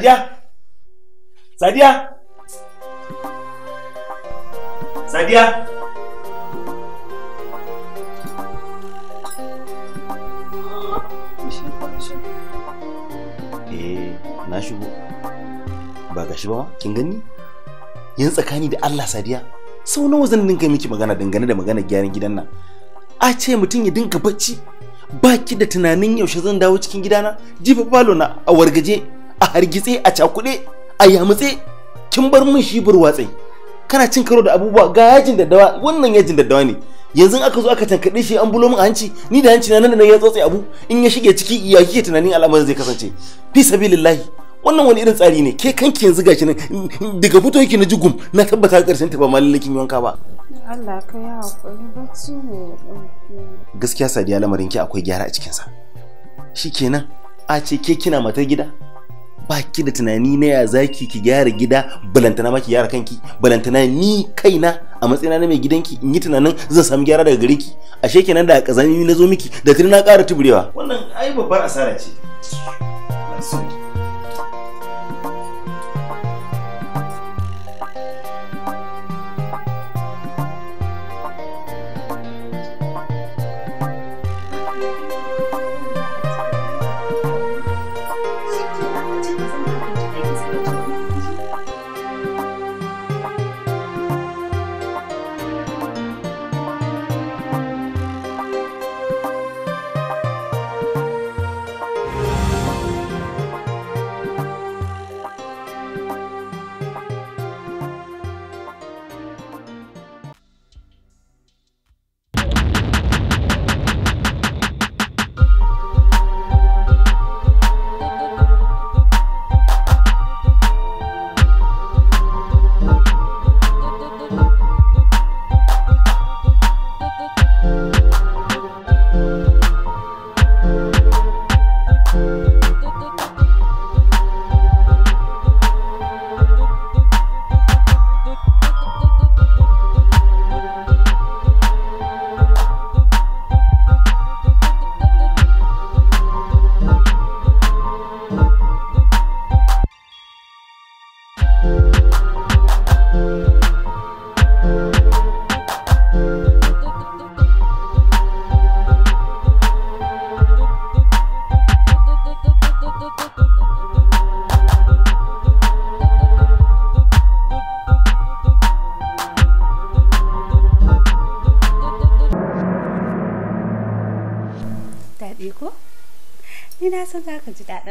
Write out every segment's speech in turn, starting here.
Sadiya? Sadiya? Sadiya? Eh, na shigo. Ba gashi ba ma, kin gani? Yin tsakani da Allah Sadiya. Sau nawa zan dinga miki magana dangane da magana gyaran gidan nan. A ce mutum ya dinga bacci. Baki da tunanin yaushe zan dawo cikin gidana, jifa falo na a wargaje. a hargitse a cakuɗe a yamutse kin bar min shi burwatsai kana cin karo da abubuwa ga yajin daddawa wannan yajin daddawa ne yanzu aka zo aka tankaɗe shi an bulo min a hanci ni da hanci na nan da ya tsotsai abu in ya shige ciki ya kike tunanin al'amarin zai kasance fi sabilillahi wannan wani irin tsari ne ke kanki yanzu gashi nan daga fito yake na jigum na tabbata karshen ta ba mallakin yanka ba Allah ka ya hakuri bacci ne gaskiya sadiya lamarin ki akwai gyara a cikin sa shikenan a ce ke kina matar gida ba ki da tunani na ya zaki ki gyara gida balantana ma ki gyara kanki balantana ni kaina a matsayina na mai gidanki in yi tunanin zan samu gyara daga gare ki ashe kenan da kazami na zo miki da tuni na ƙara tuburewa wannan ai babbar asara ce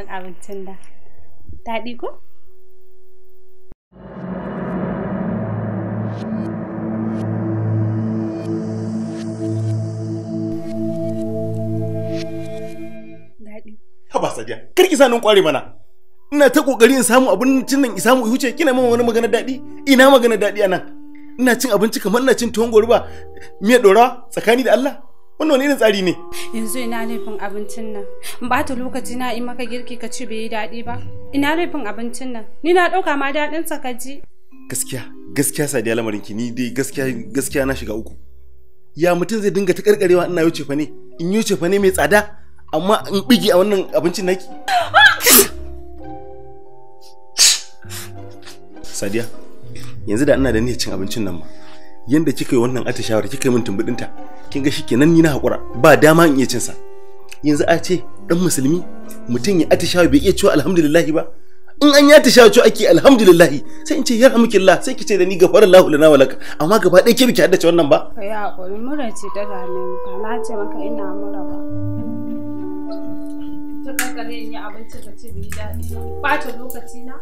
abincin da daɗi ko Haba Sadiya, kar ki sanin kware mana. Ina ta kokari in samu abincin nan in samu huce kina min wani magana daɗi. Ina magana daɗi anan. Ina cin abinci kamar ina cin tuwon goruba, miya ɗora tsakani da Allah. wannan wani irin tsari ne yanzu ina laifin abincin nan ba ta lokaci na yi maka girki ka ci bai yi daɗi ba ina laifin abincin nan ni na ɗauka ma daɗin sa ka ji gaskiya gaskiya sadiya lamarin ki ni dai gaskiya gaskiya na shiga uku ya mutum zai dinga ta karkarewa ina yau cefa ne in yau cefa ne mai tsada amma in bigi a wannan abincin naki sadiya yanzu da ina da niyyar cin abincin nan ma yanda kika yi wannan atishawar kika yi min tumbudinta kin ga shikenan ni na hakura ba dama in iya cin sa yanzu a ce dan musulmi mutum ya atishawa bai iya cewa alhamdulillahi ba in an yi atishawa cewa ake alhamdulillahi sai in ce ya hamukillah sai ki ce da ni gafarar lahu lana walaka amma gaba ɗaya ke biki haddace wannan ba ka hakuri mura ce ta dame ka na ce maka ina mura ba ta kankare in abinci ka ci bai daɗi ba ta lokaci na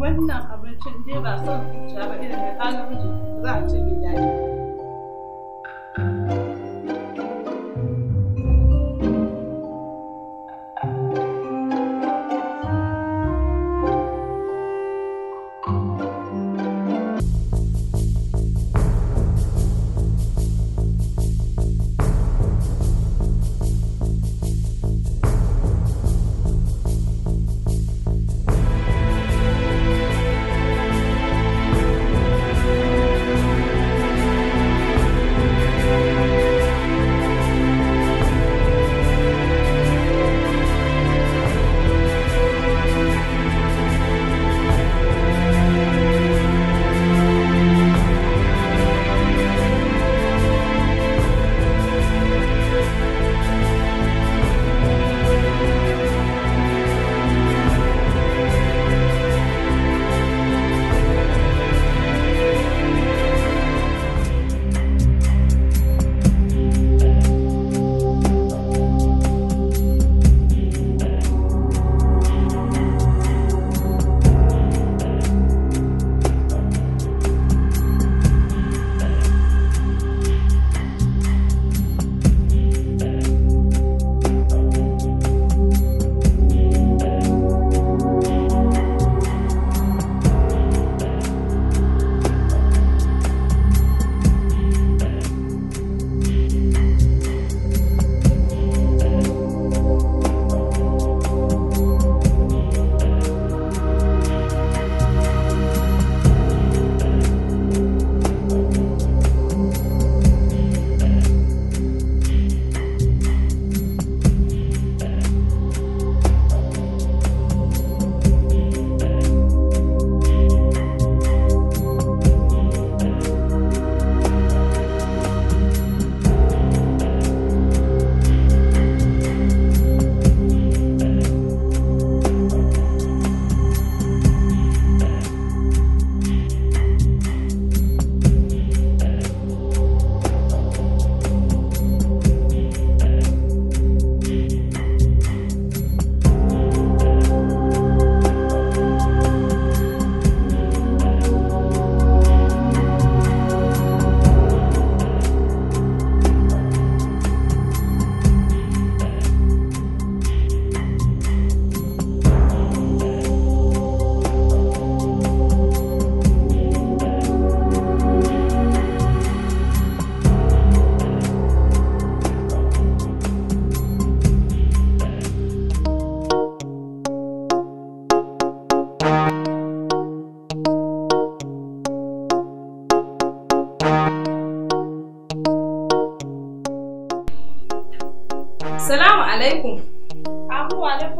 wannan abincin dai ba son zuciya ba irin da miji za a ci bai daɗi.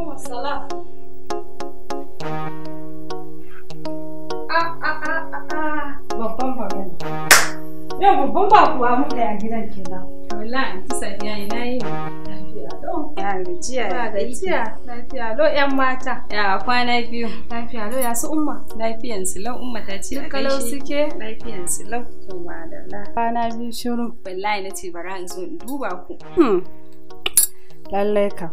alaikum assalam. Babban magana. Yau babban ba a gidan Sadiya ina yi lafiya lo. Lafiya lo ƴan mata. Ya kwana biyu. Lafiya lo ya su umma. Lafiyan su lau umma ta ce. Duk kalau suke. Lafiyan su lau. To Kwana biyu shiru. Wallahi na ce bara in zo in duba ku. Hmm. Lallai kam.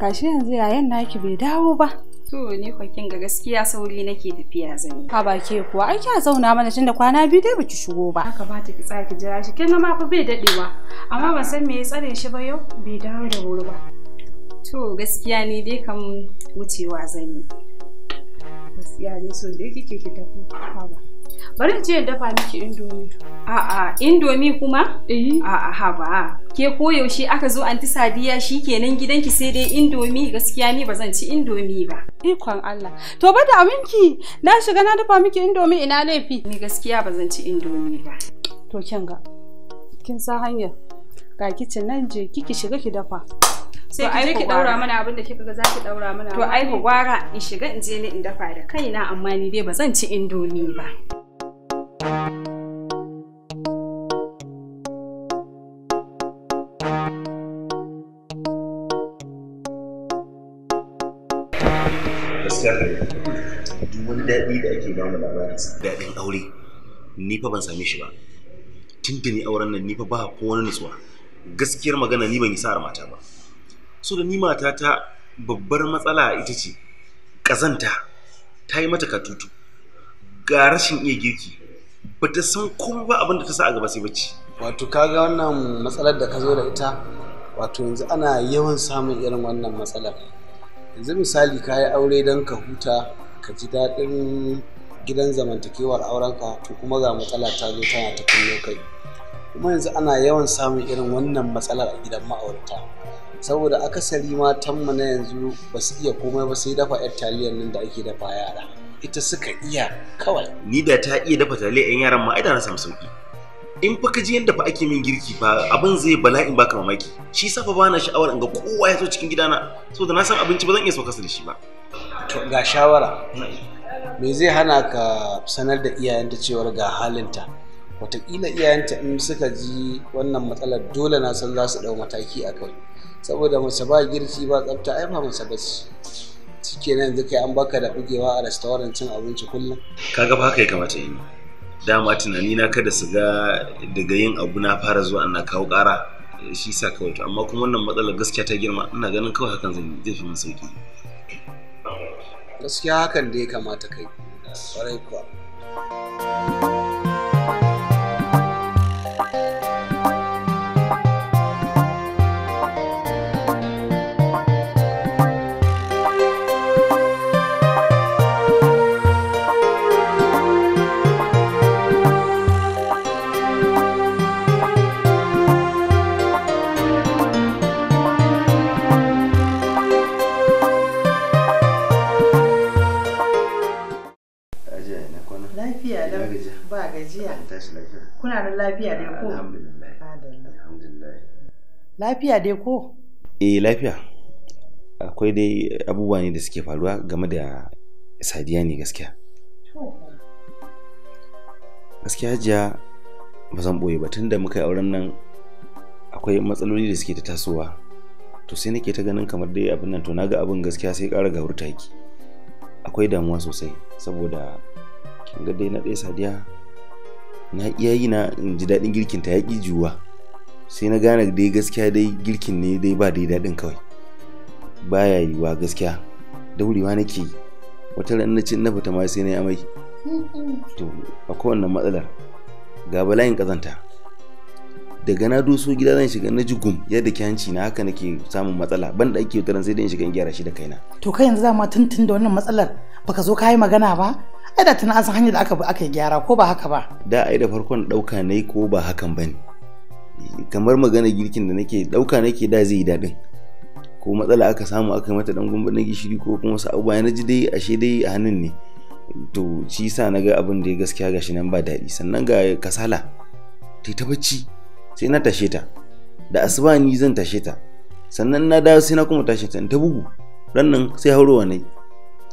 kashi yanzu yayan naki bai dawo ba to ni kin ga gaskiya sauri nake tafiya zan yi ha ba ke kuwa ai kya zauna mana tunda kwana biyu dai baki shigo ba haka ba ta ki tsaya ki jira shi kin ga ma fa bai dadewa amma ban san me ya tsare shi ba yau bai dawo da wuri ba to gaskiya ni dai kam wucewa zan yi gaskiya ne so dai kike ki tafi ha ba bari in je in dafa miki indomi a'a indomi kuma eh a'a ha ba ke koyaushe aka zo anti sadiya shi kenan gidanki sai dai indomi gaskiya ni ba zan ci indomi ba ikon Allah to ba da aminki na shiga na dafa miki indomi ina laifi ni gaskiya ba zan ci indomi ba to kin ga kin san hanya ga kicin nan je kiki shiga ki dafa sai ki je ki daura mana abin da kika ga zaki daura mana to ai ku gwara in shiga in je ni in dafa da kaina amma ni dai ba zan ci indomi ba thank you gaskiya duk wani daɗi da ake bamu labarin daɗin aure ni fa ban same shi ba tunda ni auren nan ni fa ba ko wani nutsuwa gaskiyar magana ni ban yi sa'ar mata ba so da ni mata ta babbar matsala ita ce ƙazanta ta yi mata katutu ga rashin iya girki ba ta san komai ba abin da ta sa a gaba sai bacci wato kaga wannan matsalar da ka zo da ita wato yanzu ana yawan samun irin wannan matsalar yanzu misali ka yi aure don ka huta ka ji daɗin gidan zamantakewar aurenka to kuma ga matsala ta zo tana ta kullo kai kuma yanzu ana yawan samun irin wannan matsalar a gidan ma'aurata saboda akasari matan mu na yanzu ba su iya komai ba sai dafa yar taliyar nan da ake dafa yara ita suka iya kawai ni da ta iya dafa taliyar yan yaran ma ai da na samu sauki in fa ka ji yadda fa ake min girki fa abin zai bala'in baka mamaki shi yasa fa bana sha'awar in ga kowa ya zo cikin gidana saboda na san abinci ba zan iya saukasa da shi ba to ga shawara me zai hana ka sanar da iyayenta cewar ga halinta wataƙila iyayenta in suka ji wannan matsalar dole na san za su ɗau mataki a kai saboda mace ba girki ba tsafta ai ba mace ba ce nan zai an baka da bugewa a restaurant cin abinci kullum kaga ba haka ya kamata yi dama tunani na kada su ga daga yin abu na fara zuwa na kawo kara shi sa kawai to amma kuma wannan matsalar gaskiya ta girma ina ganin kawai hakan zan zai fi sauki gaskiya hakan da ya kamata kai kwarai kuwa Ba gajiya. Tashi lafiya. Kuna da lafiya dai ko? Alhamdulillah. Lafiya dai ko? Eh lafiya. Akwai dai abubuwa ne da suke faruwa game da sadiya ne gaskiya. Gaskiya hajiya ba zan ɓoye ba tun da muka yi auren nan akwai matsaloli da suke ta tasowa to sai nake ta ganin kamar dai abin nan to naga abin gaskiya sai ƙara gawurta ki akwai damuwa sosai saboda kin ga dai na ɗaya sadiya na iya yi na in ji daɗin girkin ta yaƙi juwa sai na gane dai gaskiya dai girkin ne dai ba dai daɗin kawai baya wa gaskiya daurewa nake yi wata ran na ci fita ma sai na yi amai to a kowane matsalar ga balayin ƙazanta daga na doso gida zan shiga na jigum yadda ke hanci na haka nake samun matsala ban da ake wutaran sai dai in shiga in gyara shi da kaina to kai yanzu za tun tuntun da wannan matsalar baka zo ka yi magana ba ai da tana san hanyar da aka aka gyara ko ba haka ba da ai da farkon dauka ne ko ba hakan bane kamar magana girkin da nake dauka nake da zai yi dadin ko matsala aka samu aka mata dan gumbar na gishiri ko kuma wasu abubuwa na ji dai ashe dai a hannun ne to shi sa na ga abin da ya gaskiya gashi nan ba daɗi sannan ga kasala ta ta bacci sai na tashe ta da asuba ni zan tashe ta sannan na dawo sai na kuma tashe ta ta bugu ran nan sai haurowa na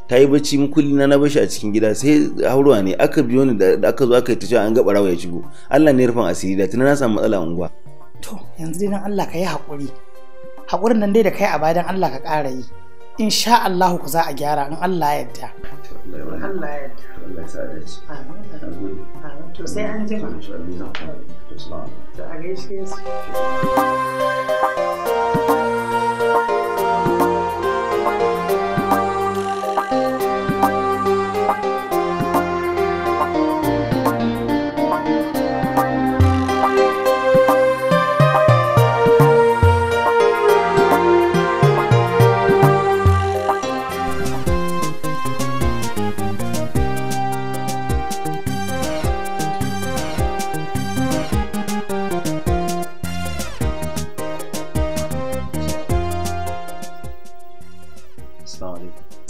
ta yi bacci mukulli na na bashi a cikin gida sai haurwa ne aka biyo ni da aka zo aka yi ta an ga barawa ya shigo Allah ne rufan asiri da tunan na samu matsala unguwa to yanzu dai dan Allah ka yi hakuri hakurin nan dai da kai a bayan Allah ka ƙara yi insha Allah ku za a gyara in Allah ya yarda Allah ya yarda to sai an jima to a gaishe su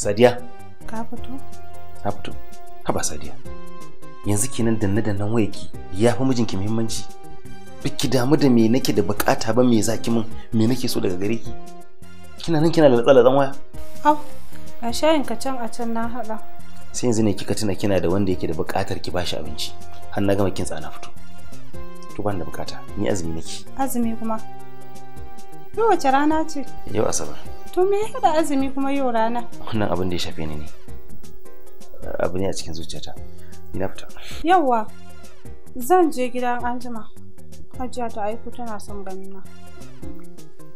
Sadiya. Ka fito? Na fito. ba Sadiya. Yanzu kenan da nan wayarki ya fi mijinki muhimmanci. Biki damu da me nake da bukata ba me zaki min me nake so daga gare ki. Kina nan kina latsa latsan waya? Au, ga shayin ka can a can na hada. Sai yanzu ne kika tuna kina da wanda yake da bukatar ki bashi abinci. Har na gama kin tsana fito. To ban da bukata, ni azumi nake. Azumi kuma. To wace rana ce? Yau Asabar. To me ya da azumi kuma yau rana? Wannan abin da ya shafe ni ne. Abu ne a cikin zuciyata. Ina fita. Yawwa. Zan je gidan anjima. Hajiya ta aiko tana son ganina.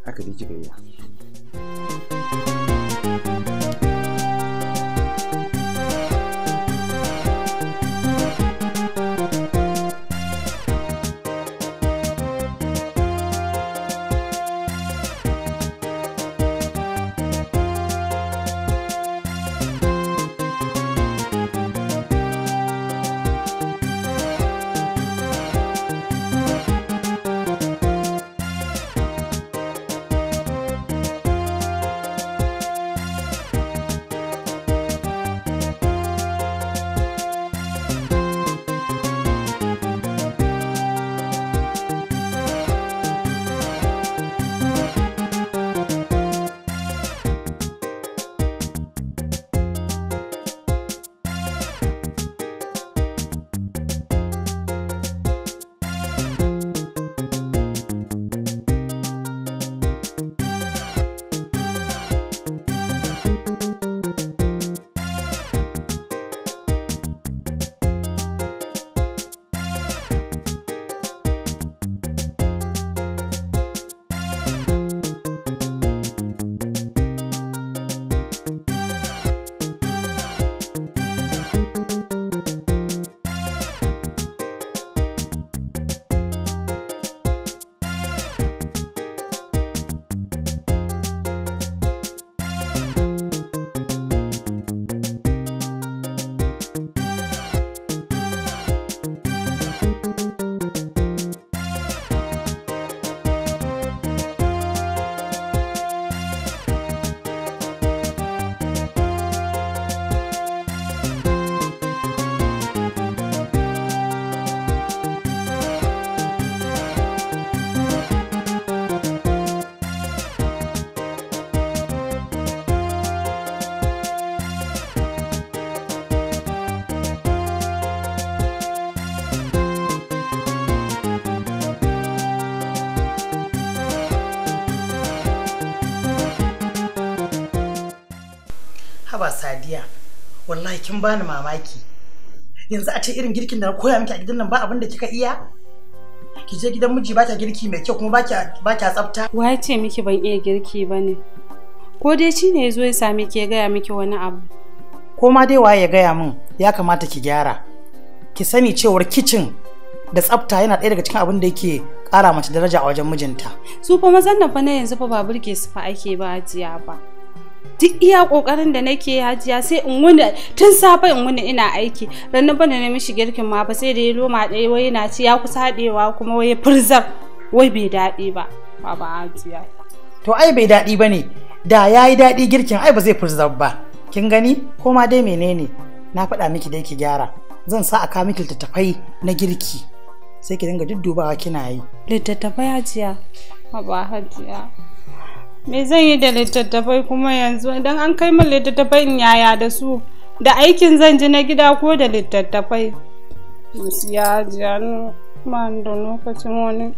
Haka dai kika yi. ba, sadiya wallahi kin bani mamaki yanzu a ce irin girkin da na koya miki a gidan nan ba abin da kika iya ki je gidan miji ba ta girki mai kyau kuma ba ki tsafta wa ce miki ban iya girki ba ne ko dai shi ne yazo ya same ki ya gaya miki wani abu ko ma dai waye ya gaya min ya kamata ki gyara ki sani cewar kicin da tsafta yana ɗaya daga cikin abin da yake ƙara mace daraja a wajen mijinta su fa mazan nan fa na yanzu fa ba burge su fa ake ba ajiya ba duk iya kokarin da nake hajiya sai in wuni tun safe in wuni ina aiki ranar bana na mishi girkin ma ba sai da ya loma dai wai yana ci ya kusa hadewa kuma wai furzar wai bai daɗi ba baba hajiya to ai bai daɗi bane da ya yi daɗi girkin ai ba zai furzar ba kin gani ko ma dai menene na faɗa miki dai ki gyara zan sa a ka miki littattafai na girki sai ki dinga duddubawa kina yi littattafai hajiya baba hajiya me zan yi da littattafai kuma yanzu idan an kai min littattafai in yaya da su da aikin zan ji na gida ko da littattafai ya ji ma da lokacin wani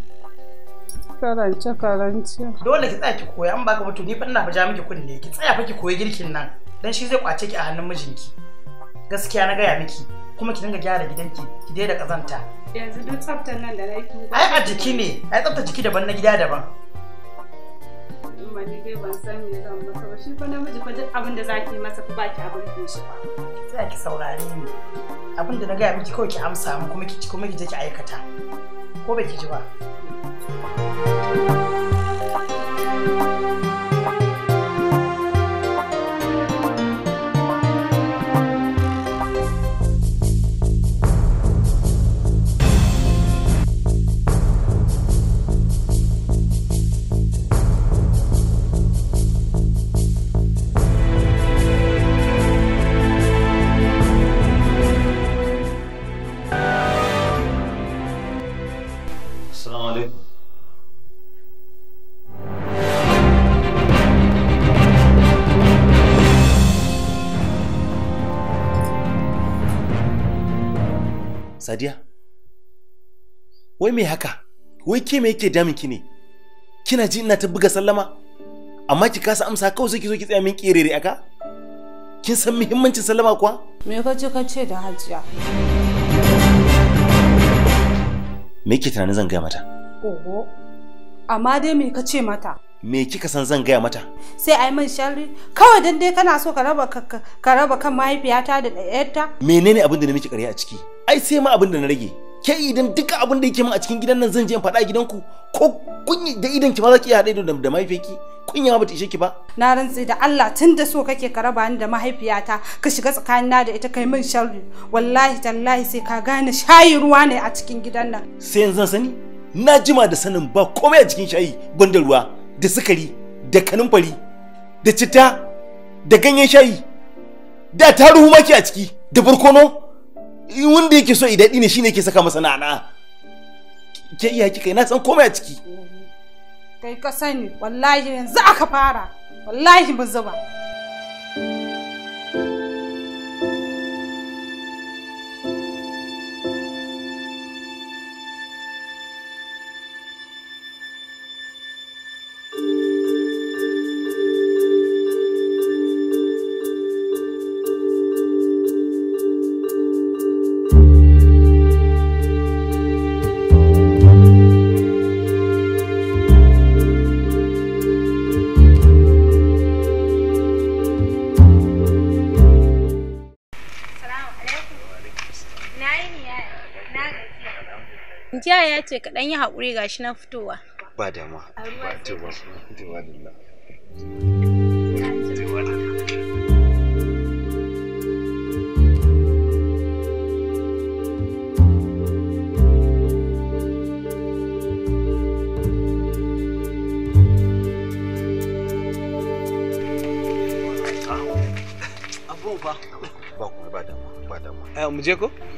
karance karance dole ki tsaya ki koya an baka mutu ni fa ina fa miki kunne ki tsaya fa ki koyi girkin nan dan shi zai kwace ki a hannun mijinki gaskiya na gaya miki kuma ki dinga gyara gidanki ki daida kazanta yanzu duk tsaftar nan da nake ai a jiki ne ai tsaftar jiki daban na gida daban ma ni dai ban san me zan masa ba shi fa namiji fa duk abin da zaki masa fa baki a burkin shi ba za ki saurare ni abin da na gaya miki kawai ki amsa mu kuma ki kuma ki je ki aikata ko baki ji ba Sadiya, wai me haka? Wai ke me yake damin ki ne? Kina ji ina ta buga sallama? Amma ki kasa amsa kawai sai ki zo ki tsaya min kerere aka? Kin san muhimmancin sallama kuwa? Me ka ce ka ce da hajiya? Me ke tunanin zan gaya mata? Oho, amma dai me ka ce mata? me kika san zan gaya mata sai ai man sharri kawai dan dai kana so ka raba kan mahaifiyata da ɗayarta menene abin da na miki ƙarya a ciki ai sai ma abin da na rage ke idan duka abin da yake min a cikin gidan nan zan je in faɗa a gidanku ko kunyi da idan ki ma za ki iya haɗe da mahaifiyarki kunya ma bata ishe ki ba na rantse da Allah tun da so kake ka raba ni da mahaifiyata ka shiga tsakanina da ita kai min sharri wallahi tallahi sai ka gane shayi ruwa ne a cikin gidan nan sai yanzu sani na jima da sanin ba komai a cikin shayi ban ruwa da sukari da kanumfari da citta da ganyen shayi da taruhu maki a ciki da barkono wanda yake so idaɗi ne shine ke saka masa na'ana ke iya kika na san komai a ciki kai ka sani wallahi yanzu aka fara wallahi mun zuba Yaya ya ce kaɗan yi haƙuri gashi na fitowa. Ba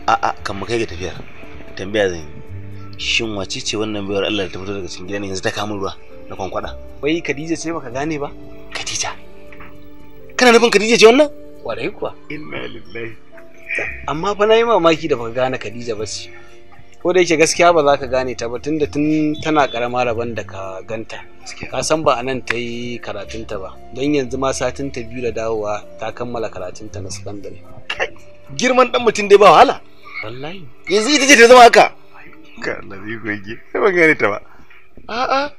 A'a, kan mu kai tafiyar. Tambaya zan yi. shin wace ce wannan baiwar Allah da ta fito daga cikin gidan yanzu ta kama ruwa na kwankwada wai Khadija ce baka gane ba Khadija kana nufin Khadija ce wannan wallahi kuwa inna lillahi amma fa nayi mamaki da baka gane Khadija ba ce ko da yake gaskiya ba za ka gane ta ba tunda tun tana karama rabon da ka ganta ka san ba anan ta yi karatunta ba don yanzu ma satin ta biyu da dawowa ta kammala karatunta na sakandare girman dan mutum dai ba wahala wallahi yanzu ita ce ta zama haka ka Allah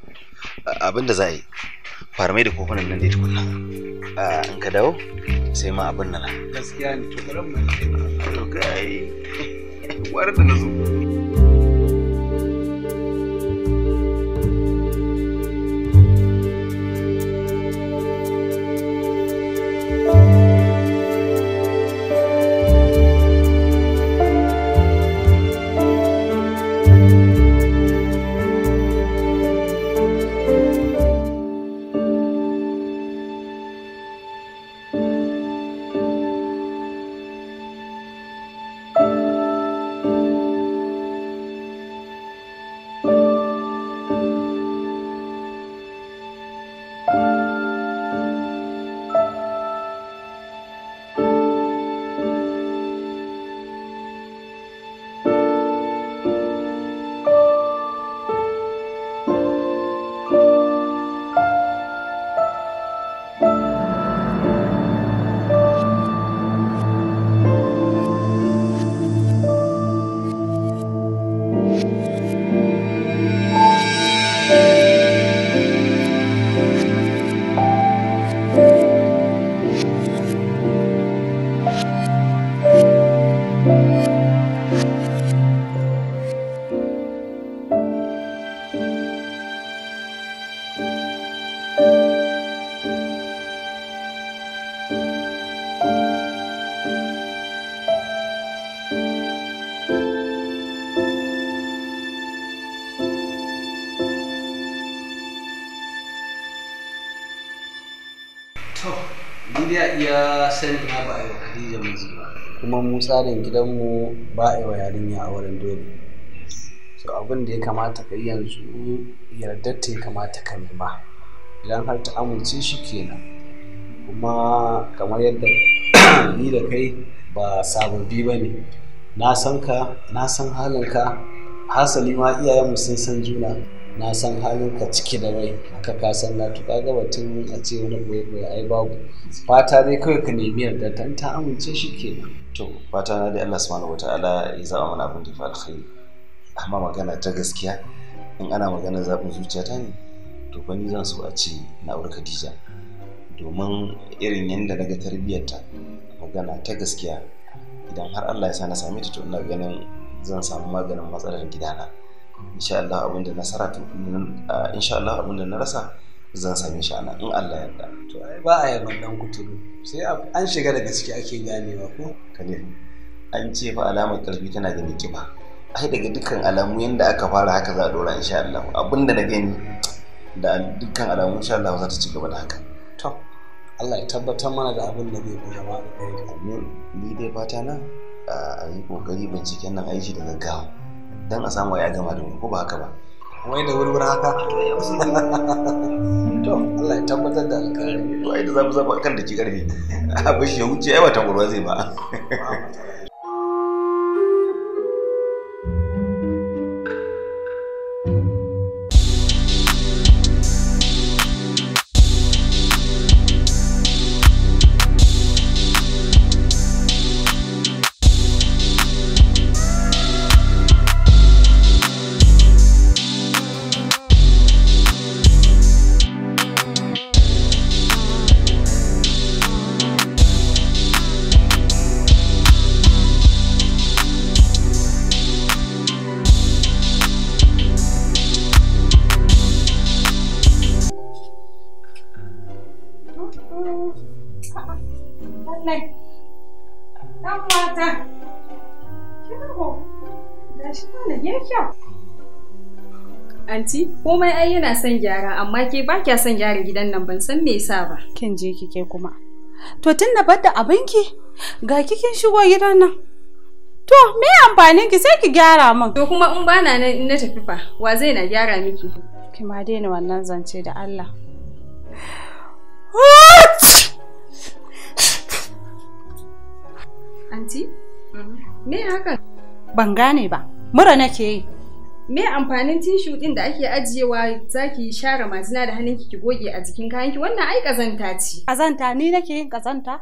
abin za a yi fara mai da kofunan nan dai tukunna in ka dawo sai ma abin nan gaskiya ne to mai to kai na zo sani na ba a yi wa Khadija miji kuma mu tsarin gidanmu ba a yi auren dole so abin da ya kamata ka yi yanzu yarda ta ya kamata ka nema idan har ta amince shi kenan kuma kamar yadda ni da kai ba sababbi ba ne na san ka na san halinka hasali ma iyayenmu sun san juna na san ka ciki da rai aka kasan na tuka ga batun a ce wani boye boye ai babu fata dai kawai ka nemi yarda ta ta amince shi nan. to fata na dai Allah subhanahu wataala ya zama mana abin da fa a amma magana ta gaskiya in ana magana zuciya zuciyata ne to ban zan so a ce na aure Khadija domin irin yanda na ga tarbiyyarta magana ta gaskiya idan har Allah ya sa na same ta to ina ganin zan samu maganin matsalar gidana insha Allah da nasara insha Allah na rasa zan same shi ana in Allah yarda to ai ba a yaban dan kuturu sai an shiga da gaske ake ganewa ko kane an ce fa alamar karfi tana da ba ai daga dukkan alamu yanda aka fara haka za a dora insha Allah abinda na gani da dukkan alamu insha Allah za ta ci gaba da haka to Allah ya tabbatar mana da abin da zai koya ba da ni dai fata na a yi kokari binciken nan aiki da gaggawa dan a samu ya gama da ko ba haka ba wai da wurwur haka to Allah ya tabbatar da alƙalami to ai da zamu zama kan da ki karfi a bashi ya wuce ai ba tangurwa zai ba Anti, komai ai yana son gyara amma ke ba kya son gyara gidan nan ban san me yasa ba. Kin je kike kuma. To tun da bar da ki ga kin shigo gidan nan. To me amfanin ki sai ki gyara min. To kuma in bana nan in na tafi fa wa zai na gyara miki? Ki ma daina wannan zance da Allah. Anti, me haka? Ban gane ba, mura nake yi. me amfanin tishu din da ake ajiyewa zaki share majina da hannunki ki goge a jikin kayanki wannan ai kazanta ce kazanta ni nake yin kazanta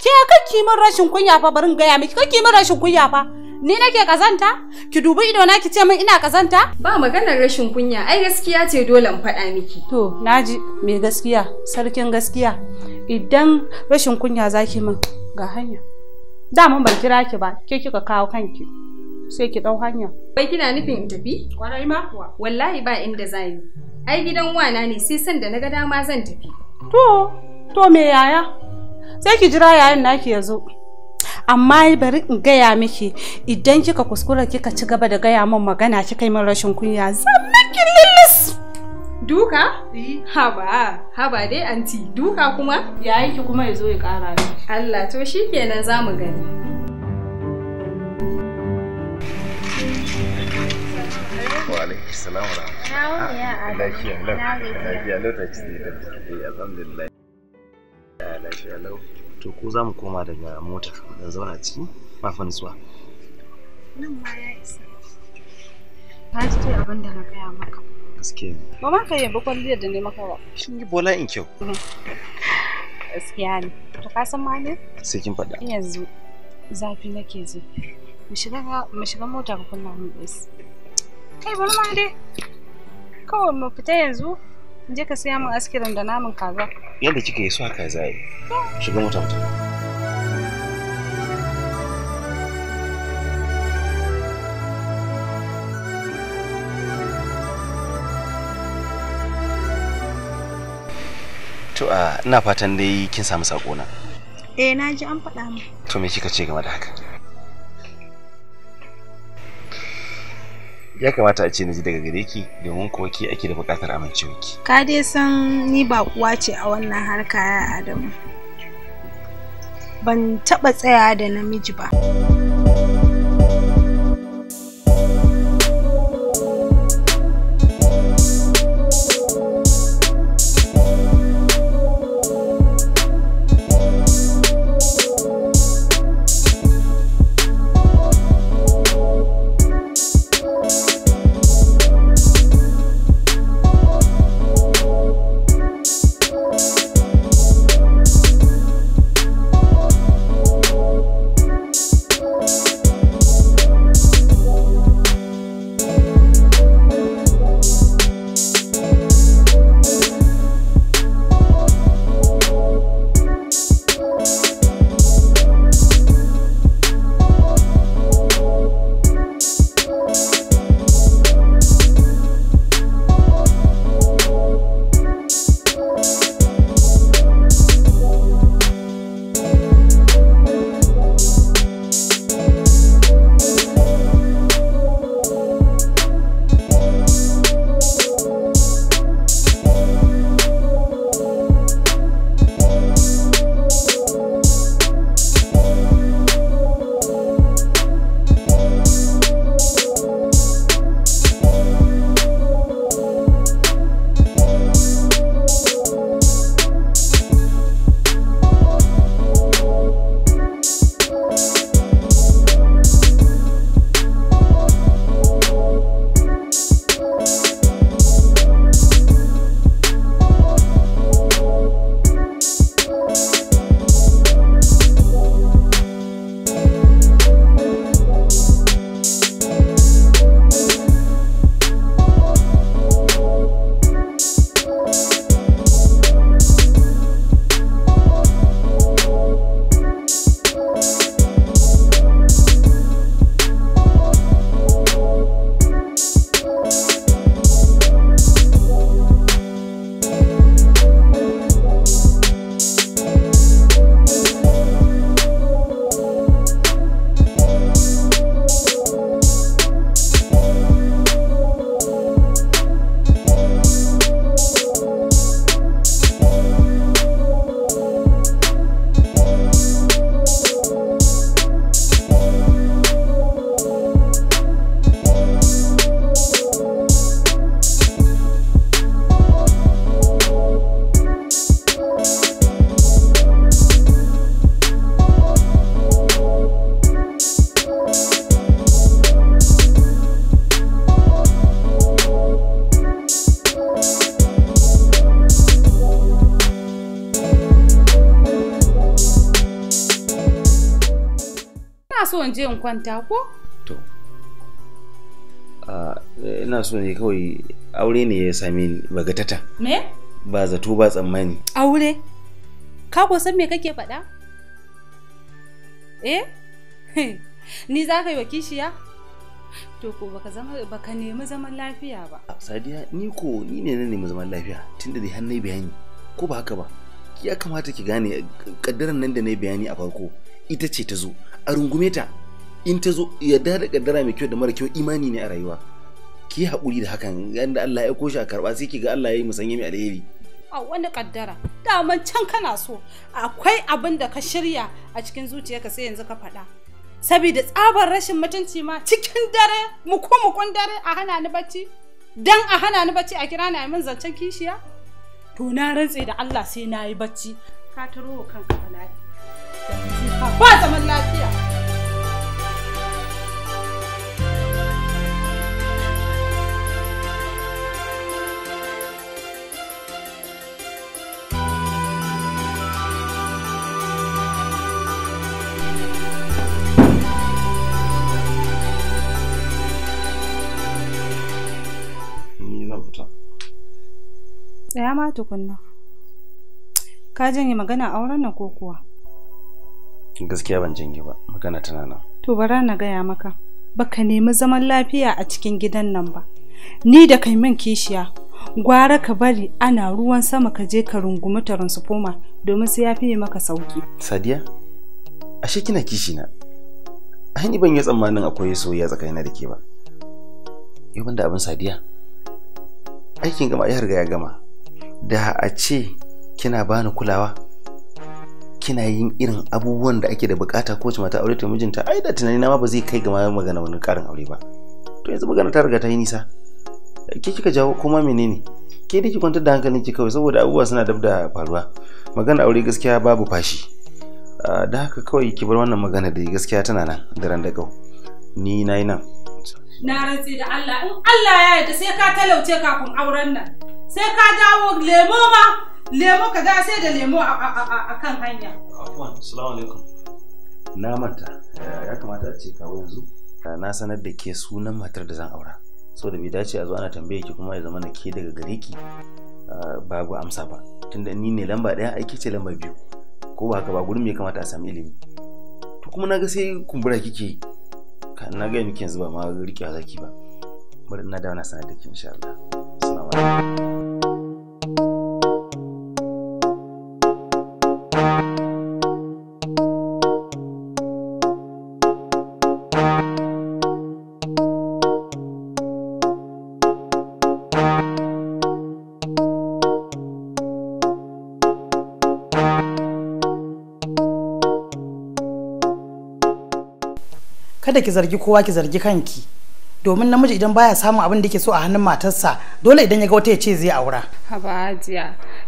ke kake min rashin kunya fa barin gaya miki kake min rashin kunya fa ni nake kazanta ki dubi ido na ki ce min ina kazanta ba maganar rashin kunya ai gaskiya ce dole in faɗa miki to naji mai gaskiya sarkin gaskiya idan rashin kunya zaki min ga hanya da mun ban kira ki ba ke kika kawo kanki sai ki ɗau hanya. Bai kina nufin in tafi? Kwarai ma kuwa. Wallahi ba inda za yi. Ai gidan wana ne sai san da na ga dama zan tafi. To, to me yaya? Sai ki jira yayan naki ya zo. Amma bari in gaya miki idan kika kuskura kika ci gaba da gaya min magana kika yi min rashin kunya zan miki lillis. Duka? Eh. Haba, haba dai anti, duka kuma? Yayin ki kuma ya zo ya kara ni. Allah to shikenan za mu gani. salamu alaikum ah, lafiya lafiya da ke alhamdulillah ah, lafiya to ko za mu koma daga mota da zauna ciki mafi nutsuwa nan ma ya isa Ta ji dai abin da na gaya maka gaskiya ne ba ma ka yaba kwalliyar da ne maka ba Shin yi bola in kyau mhm. gaskiya ne to ka san ma ne sai kin faɗa yanzu zafi nake ji mu shiga mota ka kunna mun AC kai bari ma dai kawai mu fita yanzu in je ka siya min askirin da naman kaza yadda kika yi su haka za yi shiga mota mota to a ah, ina fatan dai kin samu sakona eh na ji an faɗa min to me kika ce game da haka ya kamata a ce na ji daga gare ki domin kuwa ke ake da buƙatar ki. ka dai san ni ba kuwa ce a wannan harka ya adamu ban taɓa tsaya da namiji ba. je in kwanta ko? To. Ina so ne kawai aure ne ya same ni bagatata. Me? Ba zato ba tsammani. Aure? Ka ko san me kake faɗa? Eh? Ni za ka yi wa kishiya? To ko baka zama baka nemi zaman lafiya ba. Sadiya ni ko ni ne na nemi zaman lafiya tunda dai har bayani ko ba haka ba. Ya kamata ki gane kaddaran nan da nai bayani a farko ita ce ta zo a rungume ta in ta zo yadda da kaddara mai kyau da mara kyau imani ne a rayuwa ki haƙuri da hakan yadda Allah ya koshi a karɓa sai ki ga Allah ya yi musanye mai alheri a wani kaddara daman can kana so akwai abin da ka shirya a cikin zuciyarka sai yanzu ka faɗa saboda tsabar rashin mutunci ma cikin dare muku mukun dare a hana ni bacci dan a hana ni bacci a kira na min zancen kishiya to na rantse da Allah sai na yi bacci ka taro kanka lafiya ba zaman lafiya Tsaya ma tukunna. Ka janye magana auren nan ko kuwa? Gaskiya ban janye ba, magana tana nan. To bara na gaya maka, baka nemi zaman lafiya a cikin gidan nan ba. Ni da kai min kishiya, gwara ka bari ana ruwan sama ka je ka rungumi transformer domin su ya fi maka sauki. Sadiya, ashe kina kishi na. Ai ban yi tsammanin akwai soyayya tsakanina da ke ba. Yau da abin Sadiya. Aikin gama ya riga ya gama. da a ce kina bani kulawa kina yin irin abubuwan da ake da bukata ko mata aure ta mijinta ai da tunani na ma ba zai kai ga magana wani karin aure ba to yanzu magana ta riga ta yi nisa ke kika jawo kuma menene ke da ki kwantar da hankalin ki kawai saboda abubuwa suna dab da faruwa magana aure gaskiya babu fashi ah, da haka kawai ki bar wannan magana da gaskiya tana nan da ran da kau ni na yi nan na rantsi da Allah in Allah ya yarda sai ka talauce kafin auren nan sai ka dawo lemo ma lemo ka da sai da lemo a kan hanya afwan assalamu alaikum na manta ya kamata a ce kawo yanzu na sanar da ke sunan matar da zan aura saboda bai dace a zo ana tambaye ki kuma ya zama na ke daga gare ki babu amsa ba tunda ni ne lamba daya aiki ce lamba biyu ko ba haka ba gurin me kamata a sami ilimi to kuma na ga sai kumbura kike yi na ga miki yanzu ba ma riƙe zaki ba bari ina dawo na sanar da ki insha Allah kada ki zargi kowa ki zargi kanki domin namiji idan baya samun abin da yake so a hannun matarsa dole idan ya ga wata ya ce zai aura haba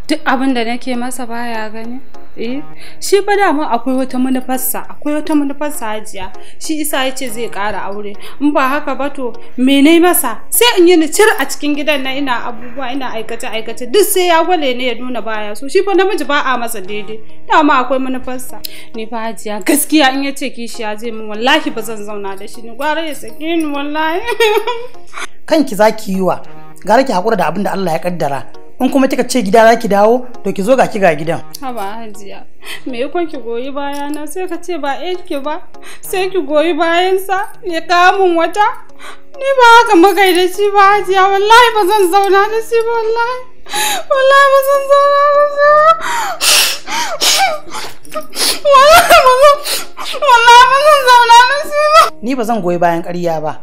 duk abin da nake masa baya gani eh shi fa dama akwai wata manufarsa akwai wata manufarsa hajiya shi isa ya ce zai kara aure in ba haka ba to menai masa sai in yi nicir a cikin gidan na ina abubuwa ina aikace aikace duk sai ya gwale ne ya nuna baya so shi fa namiji ba a masa daidai dama akwai manufarsa ni fa hajiya gaskiya in ya ce ya je min wallahi ba zan zauna da shi ni gwara ya saki ni wallahi kanki zaki yi wa gara ki haƙura da abin da Allah ya kaddara in kuma kika ce gida za ki dawo to ki zo ga ki ga gidan. Haba hajiya, me ko ki goyi baya na sai ka ce ba eh ki ba, sai ki goyi bayansa ya kamun wata. Ni ba haka magai da shi ba hajiya wallahi ba zan zauna da shi ba wallahi. Wallahi ba zan zauna da shi ba. Wallahi ba zan zauna da shi ba. Ni ba zan goyi bayan ƙarya ba.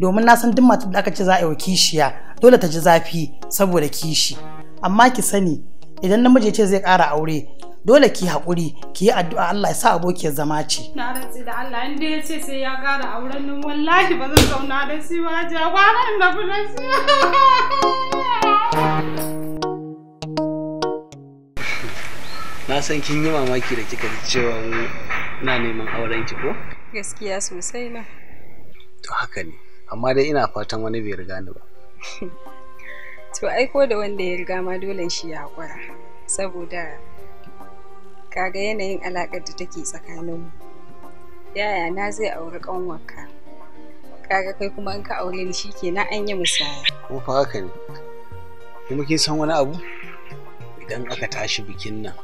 domin na san duk matar da aka ce za a yi wa kishiya dole ta ji zafi saboda kishi amma ki sani idan namiji ce zai ƙara aure dole ki haƙuri ki yi addu'a Allah ya sa abokiyar zama ce. Na rantsi da Allah inda ya ce sai ya ƙara auren nan wallahi ba zan zauna da shi ba jagora ba rabu da shi. Na san kin yi mamaki da kika ji cewa na neman auren ki ko? Gaskiya sosai na. To haka ne. amma dai ina fatan wani bai riga ni ba to aiko da wanda ya riga ma dole shi ya hakura saboda kaga yanayin alakar da take tsakaninmu yaya na zai auri ƙanwarka kaga kai kuma in ka aure ni shikenan an yi musaya ko fa haka ne kuma kin san wani abu idan aka tashi bikin nan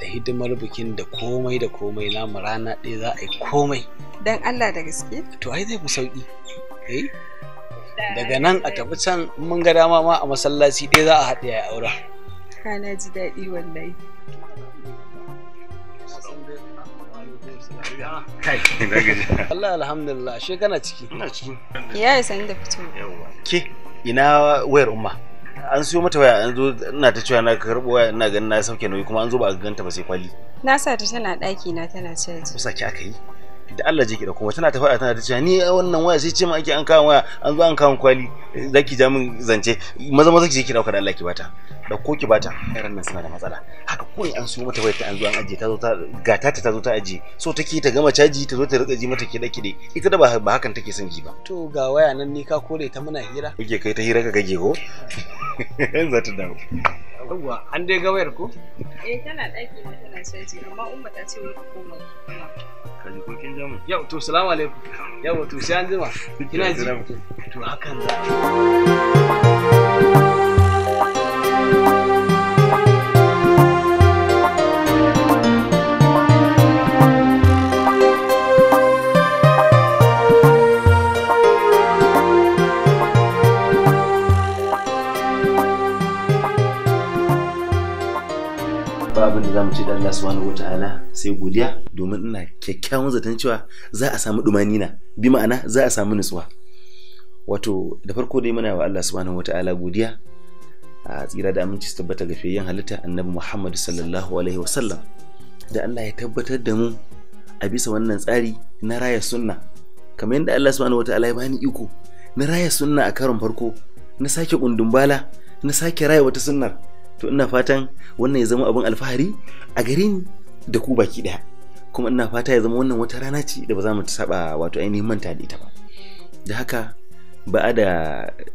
da hidimar bikin da komai da komai namu rana ɗaya za a yi komai Dan Allah da gaske? To ai zai fi sauki. Eh? Daga nan a tafi can mun ga dama ma a masallaci ɗaya za a haɗe ya aura. Kana ji daɗi wallahi. Allah alhamdulillah she kana ciki. Ina ciki. Ya yi sanin da fito. Ke ina wayar umma. An siyo mata waya an zo ina ta cewa na karɓo waya ina ganin na sauke nauyi kuma an zo ba a ganta ba sai kwali. Na sa ta tana ɗaki na tana caji. Kusa ki aka yi? da Allah je da kuma tana ta faɗa tana ta cewa ni wannan waya sai ce ma ake an kawo waya an zo an kawo kwali zaki ja min zance maza maza ki je ki dauka da Allah ki bata da ko ki bata yaran nan suna da matsala haka ko an so mata waya ta an zo an aje ta zo ta gata ta zo ta aje so take ta gama caji ta zo ta rika ji mata ki kide ita da ba hakan take son ji ba to ga waya nan ni ka kore ta muna hira kuke kai ta hira ka gage ko za ta dawo yawwa an dai ga wayar ko eh tana daki ne tana caji amma umma ta ce wai ka koma kaji ko kin jamu yau to salamu alaikum yau to sai an jima kina ji to hakan za ba abin da za mu ce da Allah subhanahu wataala sai godiya domin ina kyakkyawan zaton cewa za a samu dumani na bi ma'ana za a samu nutsuwa wato da farko dai muna wa Allah subhanahu wataala godiya a tsira da aminci su tabbata ga fiyayyen halitta annabi Muhammad sallallahu alaihi wa sallam da Allah ya tabbatar da mu a bisa wannan tsari na raya sunna kamar yadda Allah subhanahu wataala ya bani iko na raya sunna a karon farko na sake kundumbala na sake raya wata sunnar to ina fatan wannan ya zama abin alfahari a gare ni da ku baki daya kuma ina fata ya zama wannan wata rana ce da ba za mu saba wato ainihin manta da ita ba da haka ba a da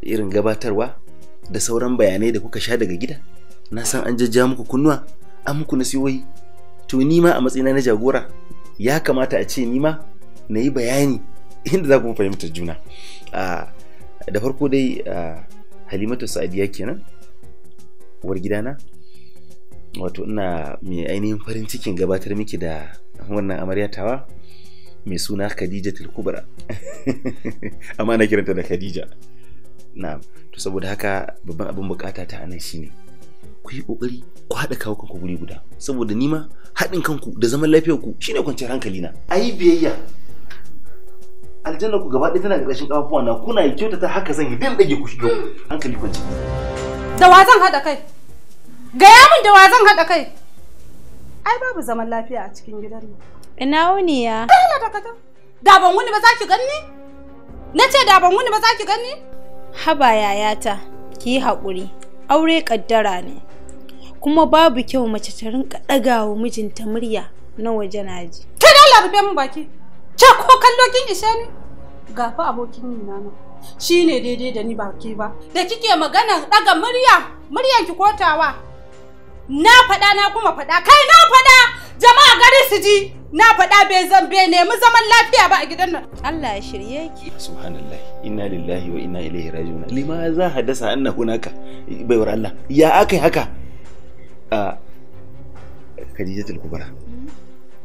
irin gabatarwa da sauran bayanai da kuka sha daga gida na san an jajja muku kunnuwa an muku nasihohi to ni ma a matsayina na jagora ya kamata a ce ni ma na yi bayani inda za ku fahimtar juna ah, da farko dai ah, halimatu sa'adiya kenan uwar gidana wato ina mai ainihin farin cikin gabatar miki da wannan amarya tawa mai suna khadija kubra amma na kiranta da khadija Na, to saboda haka babban abin bukata ta anan shine ku yi kokari ku haɗa kawo kanku guri guda saboda nima haɗin kanku da zaman lafiyar ku shine kwanciyar hankali na ayi biyayya aljanna ku gaba ɗaya tana ƙarƙashin ƙafafuwa na kuna kyautata haka zan yi dan ɗage ku shigo hankali kwanci Da wa zan haɗa kai? Gaya min da wa zan haɗa kai? Ai babu zaman lafiya a cikin gidan nan. Ina wuni ya? da dakata. Da ban wuni ba zaki ganni? Na ce da ban wuni ba za ki ganni? Haba yayata, ki yi haƙuri. Aure kaddara ne. Kuma babu kyau mace ta rinka ɗagawa mijinta murya na waje na ji. Ke da Allah rufe baki. Ce ko kallo kin ishe ni? Gafi abokin yi na shine daidai da ni ba ke ba da kike magana daga murya muryan ki kotawa na faɗa na kuma faɗa kai na faɗa jama'a gari su ji na faɗa bai zan bai nemi zaman lafiya ba a gidan nan Allah ya shirye ki subhanallah inna lillahi wa inna ilaihi raji'un lima za hadasa anna hunaka baiwar Allah ya akai haka a Khadijatul Kubra hmm?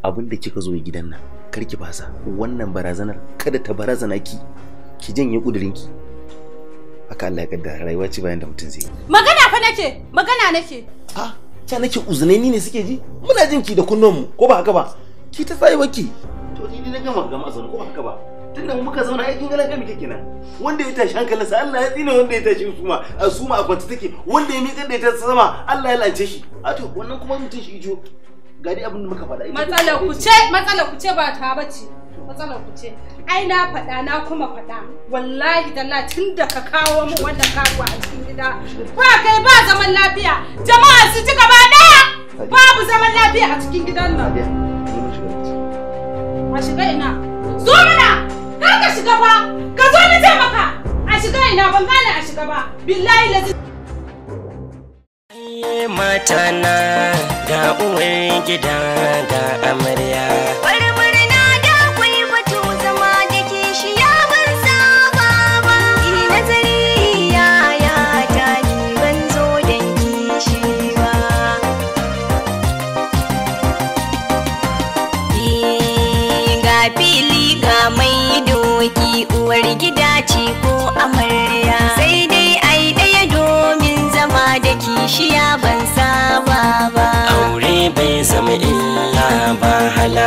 abin da kika zo gidan nan karki ki fasa wannan barazanar kada ta barazana ki ki janye kudurinki haka Allah ya kaddara rayuwa ce bayan da mutum zai magana fa nake magana nake ha ah, ta nake ni ne suke ji muna jin ki da kunnon mu ko ba haka ba ki ta tsaye ki. to ni na gama gama zan ko ba haka ba tunda muka zauna aikin gala gami kake nan wanda ya tashi hankalinsa Allah ya tsine wanda ya tashi suma a suma a kwanta take wanda ya miƙa da ya ta sama Allah ya lance shi a to wannan kuma mutum shi ijo gari abin da muka faɗa matsalar ku ce matsalar ku ce ba ta ce matsalar ku ce ai na faɗa na kuma faɗa wallahi da na tun da ka kawo mu wannan karuwa a cikin gida ba kai ba zaman lafiya jama'a su ci gaba da babu zaman lafiya a cikin gidan nan a shiga ina zo mana kar ka shiga ba ka zo ni taimaka a shiga ina ban gane a shiga ba billahi lazim Mata na ga uwar gida ga amarya.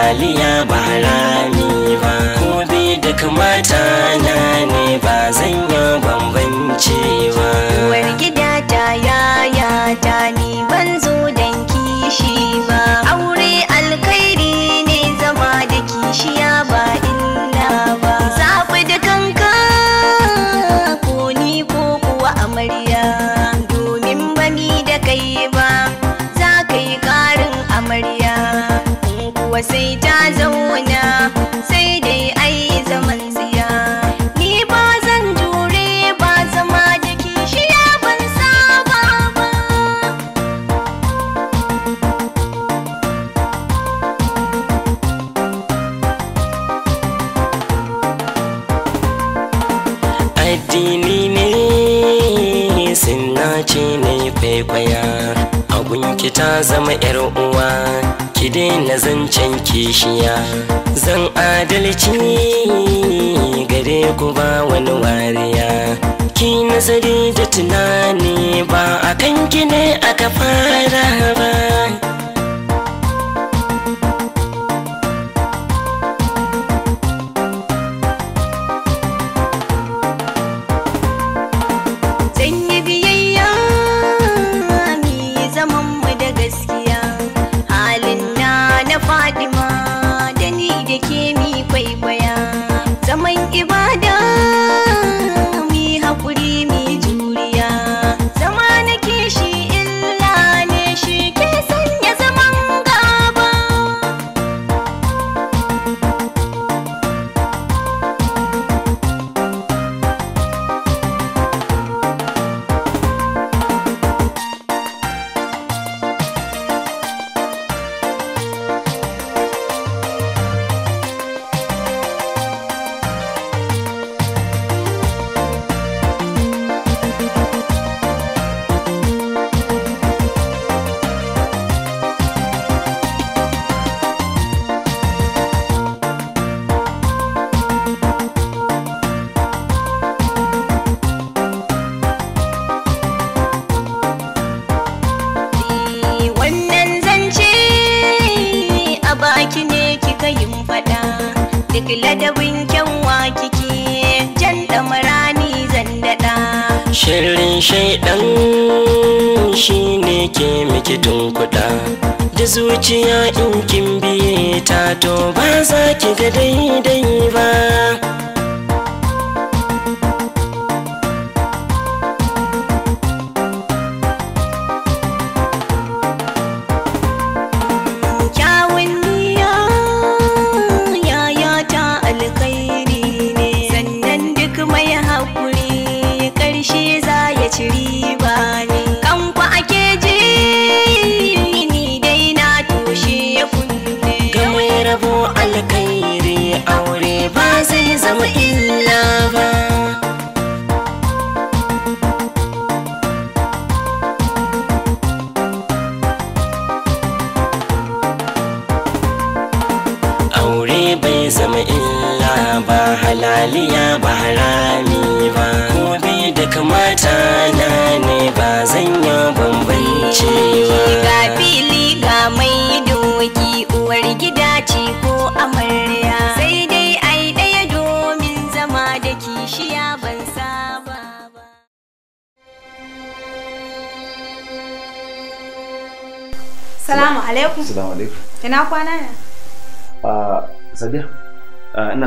taliya ba harami ba ko bai da kamata na ne ba zan yi bambanci ba wasai ta zauna mahalici gare ku ba wani wariya ki nazari da tunani ba a kanki ne aka fara ba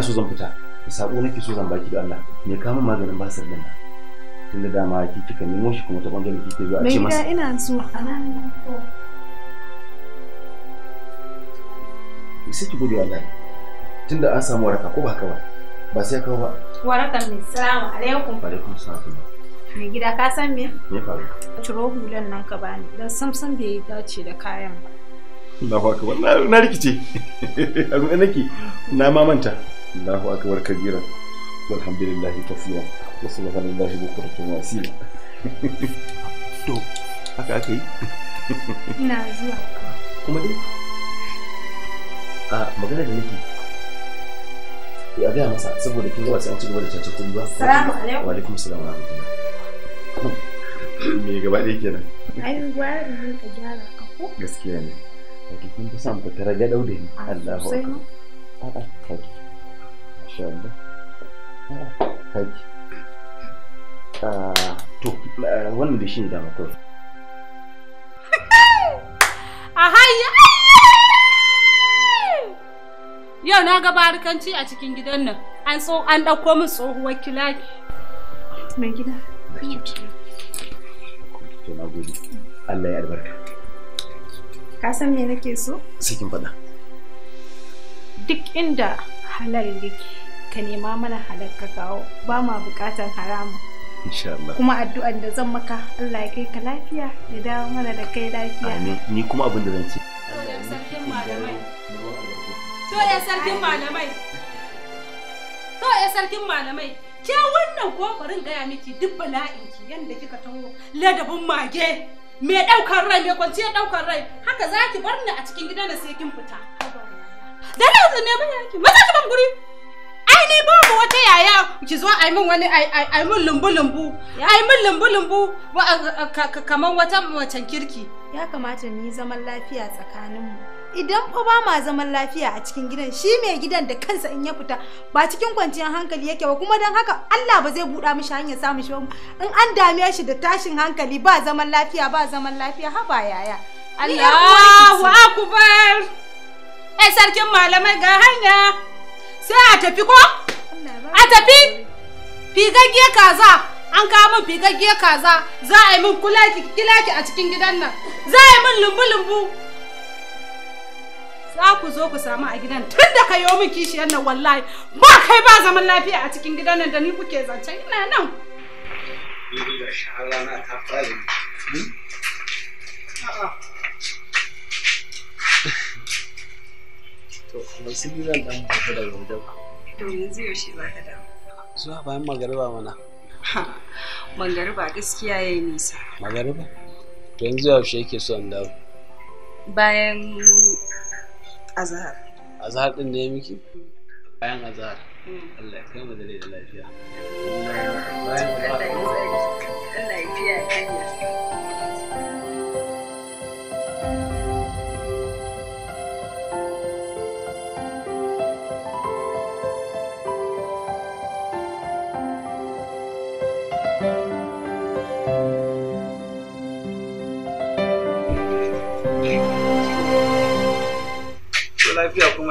ina so zan fita sako nake so zan baki da Allah me ka mun maganin ba sa nan tun da dama ki kika nemo shi kuma ta bangare kike zuwa a ce masa mai ina so anan sai ki gode Allah da an samu waraka ko ba haka ba ba sai kawo ba warakan mai salamu alaikum alaikum salam mai gida ka san me me faru ciro hulan nan ka bani dan samsam bai dace da kayan ba Allah haka na rikice a nake na mamanta Allahu akbar kabira walhamdulillah kasira wa subhanallahi bukuratu wa asila to haka aka yi ina zuwa kuma dai a magana da nake ya eh, gaya masa saboda kin gaba sai an ci gaba da cace kuɗi ba salamu alaikum wa alaikum salam wa rahmatullah me gaba ɗaya kenan ai gwara ne ka gyara ka gaskiya ne kake kin fi son fitara raga daure ni Allahu akbar a'a kake to wannan da shi ne dama kawai a yau na ga barikanci a cikin gidan nan an so an ɗauko min tsohuwar kilaki mai gida na gode Allah ya albarka ka san me nake so duk inda halal yake ka nema mana halar ka kawo ba ma bukatan harama kuma addu'an da zan maka Allah ya kai ka lafiya ya dawo mana da kai lafiya amin ni kuma abin da zan ce to ya sarkin malamai to ya sarkin malamai ke wannan gobarin gaya miki duk bala'in ki yanda kika taho ladabin mage me daukar rai me kwance daukar rai haka zaki bar ni a cikin gidan sai kin fita da ne ba yaki maza ki ban guri ai ni babu wata yaya ki zo ai min wani ai min lumbu lumbu ai min lumbu lumbu kamar wata macen kirki ya kamata mu yi zaman lafiya tsakaninmu idan fa ba ma zaman lafiya a cikin gidan shi mai gidan da kansa in ya fita ba cikin kwanciyar hankali yake ba kuma don haka Allah ba zai buɗa mishi hanyar samun shi ba in an dame shi da tashin hankali ba zaman lafiya ba zaman lafiya ha ba yaya Allahu akbar eh sarkin malamai ga hanya sai a tafi ko a tafi figagge kaza an kawo min figagge kaza za a yi min kulaki kilaki a cikin gidan nan za a yi min lumbu lumbu za ku zo ku samu a gidan tun da ka yi min kishiyar nan wallahi ba kai ba zaman lafiya a cikin gidan nan da ni kuke zance ina nan hmm? A'a. To, mai sirri zan dan fita daga wajen. To, yanzu yaushe ba ka dawo? Zuwa bayan magariba mana. Magariba gaskiya ya yi nisa. Magariba? To, yanzu yaushe yake so in dawo? Bayan azahar. Azahar ɗin ne miki? Mm. Bayan azahar. Mm. Allah ya kai mu da lafiya. Allah ya kai mu da lafiya. Allah ya kai mu da lafiya.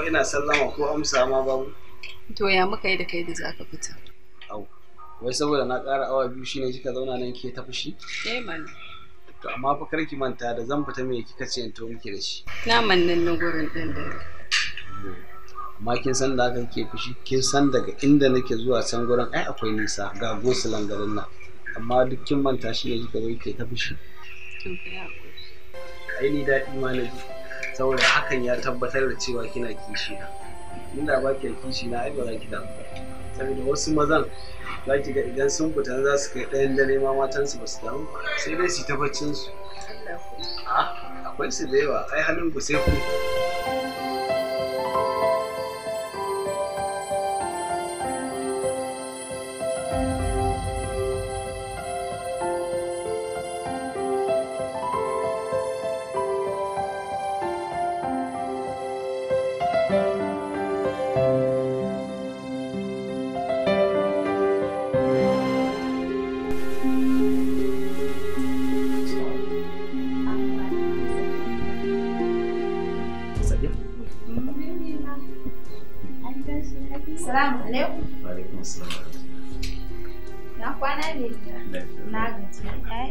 ina sallama ko amsa ma babu to ya muka yi da kai da zaka fita au wai saboda na ƙara awa biyu shine kika zauna nan ke ta fushi eh man to amma fa karki manta da zan fita me kika ce in to muke da shi naman nan na gurin din da amma kin san da haka kike fushi kin san daga inda nake zuwa can gurin ai akwai nisa ga gosulan garin nan amma duk kin manta shi ne kika zo kike ta fushi to ya ai ni daɗi ma na ji saboda hakan ya tabbatar da cewa kina kishi na inda ba ki kishi na ai ba za ki damu saboda wasu mazan za ki ga idan sun fita za su kai ɗayan dare ma matansu ba su damu sai dai su ta baccin su ah, akwai su da yawa ai halin ku sai ku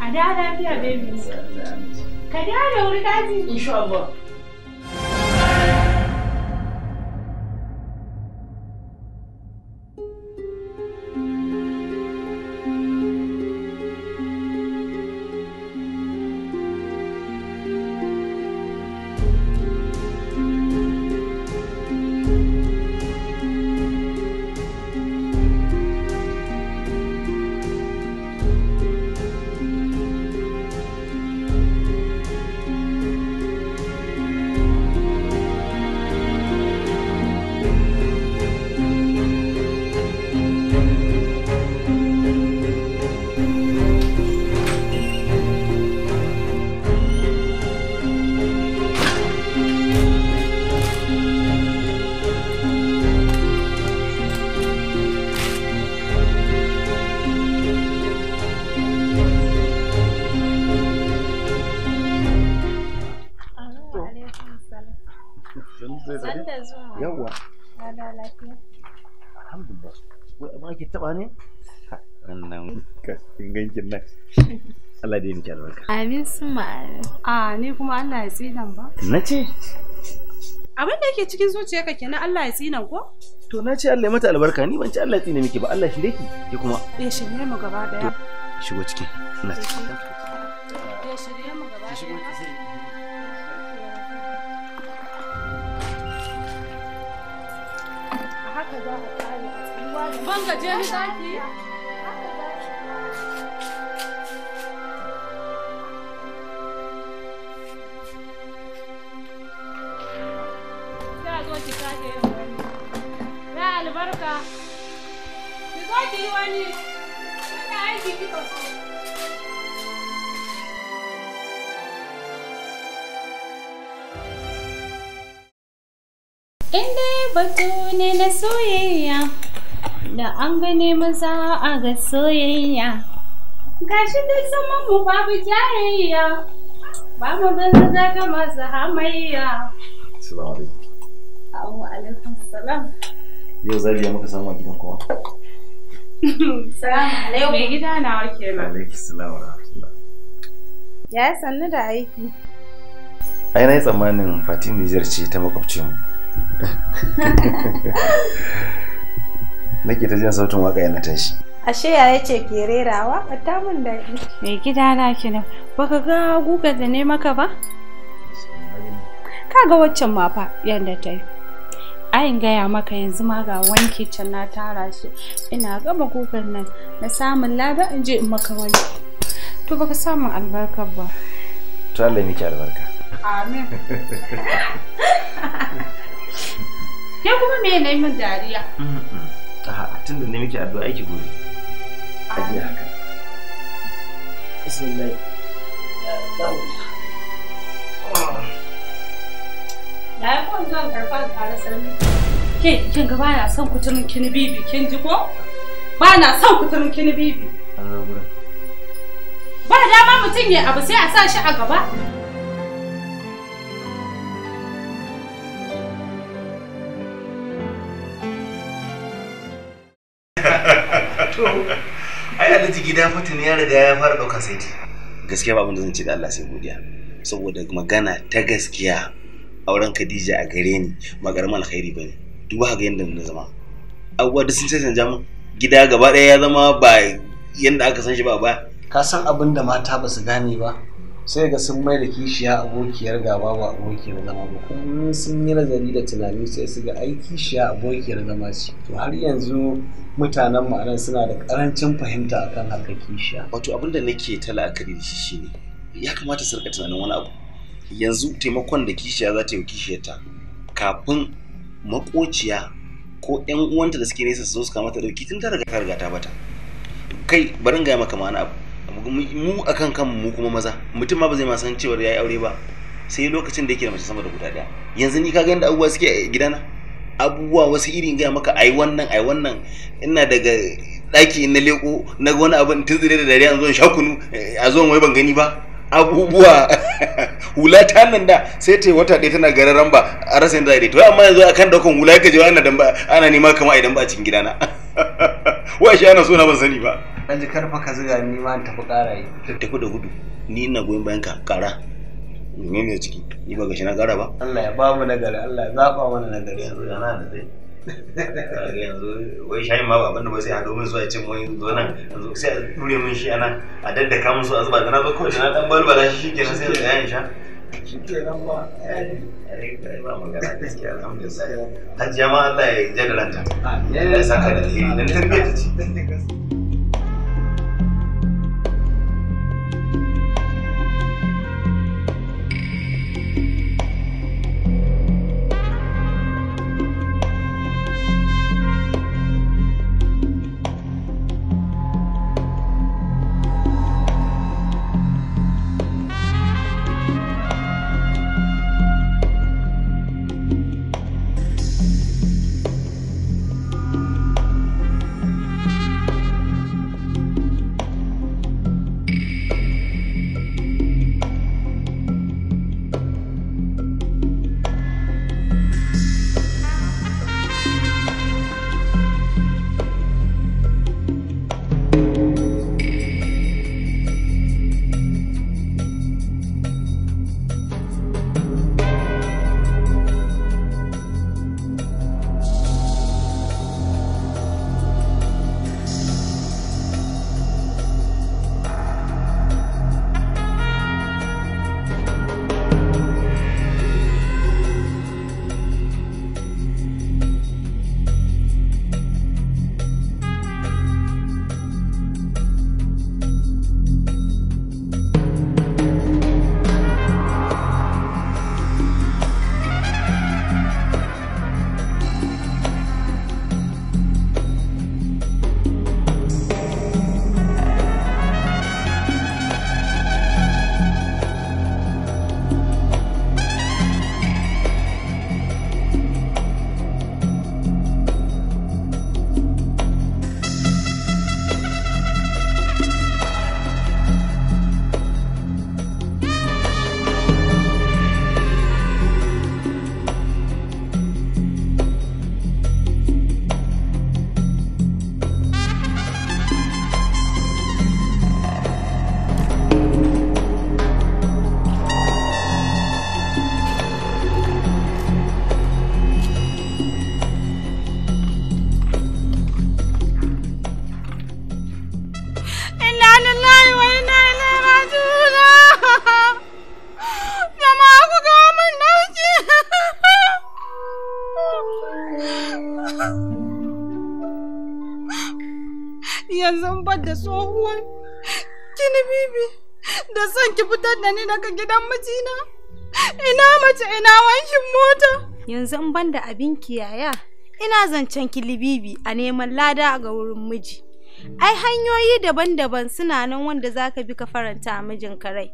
A da lafiya baby. Ka da da wuri daji. Insha Allah. ne wannan gankin nan Allah da miki albarka amin summa a ni kuma Allah ya tsinan ba na ce abin da yake cikin zuciyarka kenan Allah ya tsinan ko to na ce Allah ya mata albarka ni ban ce Allah ya tsinan miki ba Allah shi dake ki kuma ya shirye mu gaba daya shigo ciki na cikin ya shirye mu gaba daya Babban gajiyar batu ne na soyayya. da an gane maza a ga soyayya gashi duk zaman mu babu jayayya ba mu banza za ka masu hamayya salamu alaikum wa alaikum salam yau za zariya muka samu a gidan kowa salamu alaikum mai gida na wake ma alaikum salamu rahmatullah ya sannu da aiki ai na yi tsammanin fatima nijar ce ta makwabcin mu nake ta jin sautin waka yana tashi ashe ya yace ke rerawa ba ta mun daɗi mai gida na ba baka ga guga da ne maka ba kaga waccan ma fa yadda ta yi ayin gaya maka yanzu ma ga wanki can na tara shi ina gama gugan nan na samun lada in je in maka wanki to baka samun albarkar ba to Allah miki albarka amin ya kuma me ne min dariya sa'a tun da miki addu'a aiki gobe a jiya haka bismillah ya yi kwan zuwan karfan tare sarmi ke kin ga bana son kuturin kini bibi kin ji ko bana son kuturin kini bibi ba dama mutum ya abu sai a sa shi a gaba ai ji gida fatin ya riga ya fara ɗaukar saiti gaskiya ba abin da zan ce da Allah sai godiya saboda magana ta gaskiya auren Khadija a gare ni ba alkhairi bane duba ga yanda na zama abubuwa da sun ce canja mu gida gaba daya ya zama ba yanda aka san shi ba ba ka san abin da mata ba su gane ba sai ga sun mai da kishiya abokiyar gaba ba abokiyar zama ba kuma sun yi nazari da tunani sai su ga ai kishiya abokiyar zama ce to har yanzu mutanen ma'anar suna da karancin fahimta akan harkar kishiya wato abin da nake ta la'akari da shi shine ya kamata su rika tunanin wani abu yanzu taimakon da kishiya za ta yi kishiyarta kafin makociya ko yan uwanta da suke nesa su zo su kama ta dauki tun ta riga ta riga ta bata kai barin gaya maka ma'ana abu mu a kan kanmu mu kuma maza mutum ma ba zai ma san cewar ya yi aure ba sai lokacin da yake da mace sama da guda daya yanzu ni ka ga yadda abubuwa suke gidana abubuwa wasu irin gaya maka ai wannan ai wannan ina daga daki na leko na wani abin zire da dariya zuwa shakunu eh, a zuwa wai ban gani ba abubuwa hula ta nan da sai ta wata ɗaya tana garin ramba a rasa yadda zai to amma yanzu akan daukan hula kaje ana dan ana nema kama idan ba a cikin gidana wa shi ana so na ban sani ba dan ji karfa ka zuga ni ma tafi ƙara yi tafi da gudu ni ina goyon bayan ka ƙara ne ne ciki ni ba gashi na ƙara ba Allah ya babu nagari Allah ya zaba mana nagari yanzu da da zai yanzu wai shayin ma ba abin da ba sai hado min zuwa cin wani zo nan yanzu sai a ture min shi ana a daddaka min su a zuba da na zo kawai na dan balbala shi shi kenan sai da yayin sha shi kenan ba ba magana gaskiya alhamdulillah hajiya ma Allah ya jadaranta ya saka da alheri dan tarbiyyar ta ce kan gidan mijina? Ina mace ina wankin mota? Yanzu in ban da abin kiyaya, ina zancen kilibibi a neman lada ga wurin miji. Ai hanyoyi daban-daban suna nan wanda zaka bi ka faranta mijin karai.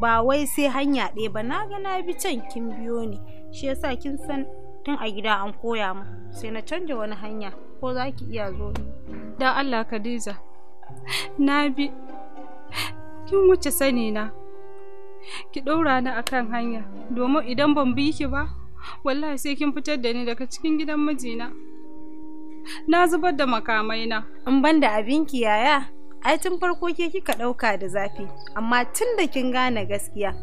Ba wai sai hanya ɗaya ba na ga na bi can kin biyo ni. Shi yasa kin san tun a gida an koya mu sai na canja wani hanya ko za ki iya zo ni. Dan Allah Khadija, na bi kin wuce sani na. ki ɗora ni akan hanya domin idan ban bi ki ba wallahi sai kin fitar da ni daga cikin gidan mijina na zubar da makamaina in ban da abinki yaya ai tun farko ke kika ɗauka da zafi amma tun da kin gane gaskiya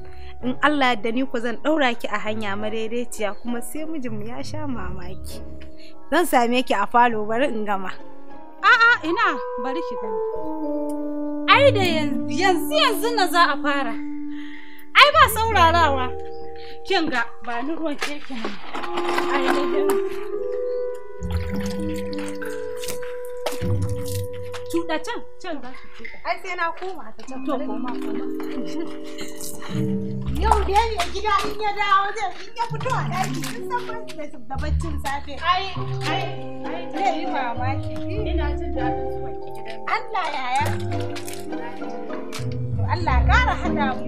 in Allah da ni ku zan ɗaura ki a hanya madaidaiciya kuma sai mijinmu ya sha mamaki zan same ki a falo bari in gama a'a ina bari ki gani ai da yanzu yanzu na za a fara ai ba saurarawa kin ga ba ni ruwan keke ne. ne Ai din. cuɗa can can za su cuɗa ai sai na koma ta can to koma koma yau da ya gida in ya dawo zai in ya fito a daki sun san ba ban da baccin safe ai ai ai zai yi mamaki ina jin daɗin zuwan gidan Allah yaya to Allah ya ƙara hada mu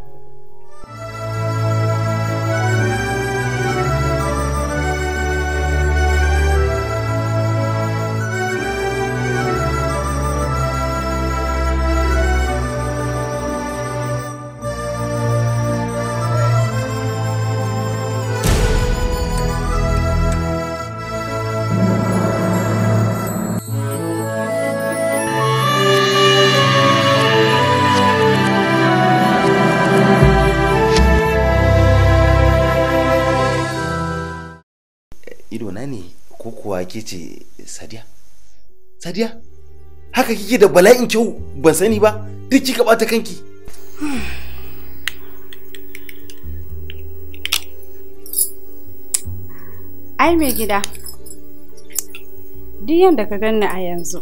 ke ce sadiya sadiya haka kike da bala'in kyau ban sani ba duk kika bata kanki ai mai gida duk yadda ka ganni a yanzu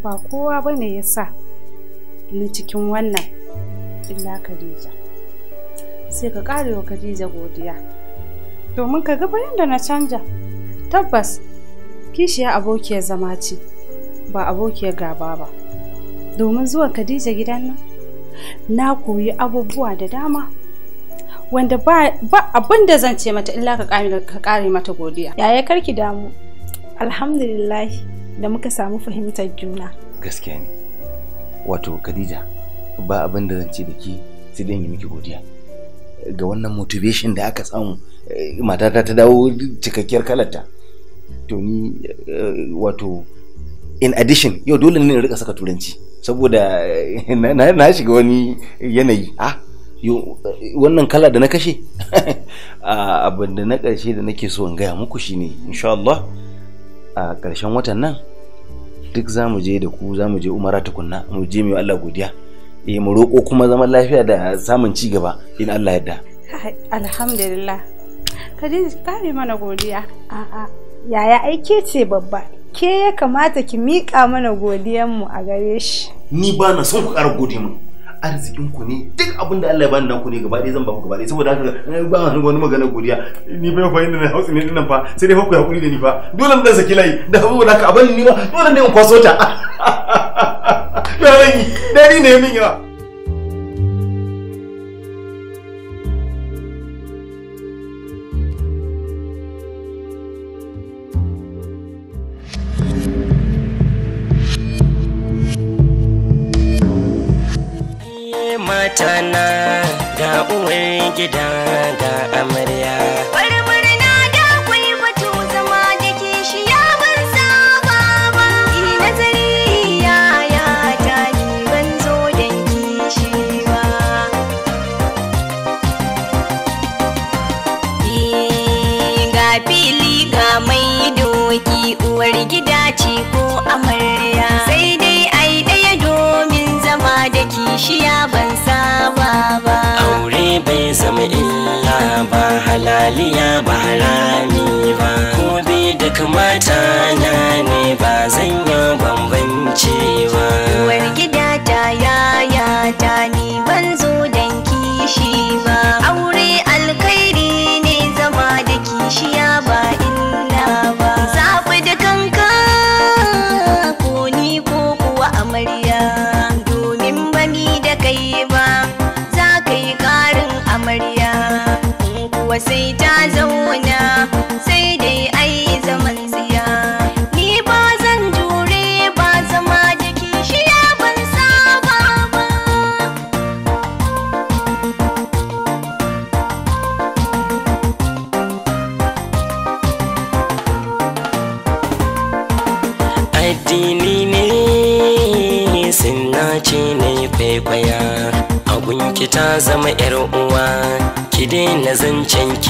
ba kowa ba ne ya sa ni cikin wannan illa Khadija sai ka ƙarewa Khadija godiya domin ka ga bayan da na canja tabbas kishiya abokiyar zama ce ba abokiyar gaba ba domin zuwa khadija gidan nan na koyi abubuwa da dama wanda ba abin da zan ce mata illa ka kare mata godiya yaya karki damu alhamdulillah da muka samu fahimtar juna gaskiya ne wato khadija ba abin da zan ce da ki sai dan yi miki godiya ga wannan motivation da aka samu eh, matata ta dawo cikakkiyar kalarta tuni eh, wato in addition yau dole ne rika saka turanci saboda eh, na shiga wani yanayi ah eh, wannan kala da na kashe ah, abin da na karshe da nake so in gaya muku shine insha Allah a ƙarshen watan nan duk za mu je da ku za mu je umara tukunna mu je mai Allah godiya eh mu roƙo kuma zaman lafiya da samun ci gaba in Allah yadda alhamdulillah ka je mana godiya a'a yaya aike ce babba ke ya kamata ki miƙa mana godiyanmu a gare shi ni ba na son ku ƙara gode min arzikin ku ne duk abin da Allah ya bani ku ne gaba ɗaya zan ba ku gaba ɗaya saboda haka eh, ba wani magana godiya ni ba fa inda na hausa ne dinnan fa sai dai fa ku hakuri da ni fa dole mun saki layi da saboda haka abin ni ma dole ne in kwaso ta dai ni ne min ya matana ga uwar gida ga amarya ba halaliya ba harami ba ko bai da kamata na ne ba zan yi bambanci ba sai ta zauna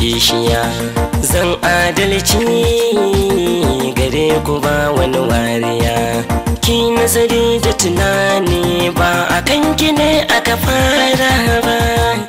kishiya zan adalci gare ku ba wani wariya ki nazari da tunani ba a kan ne aka fara ba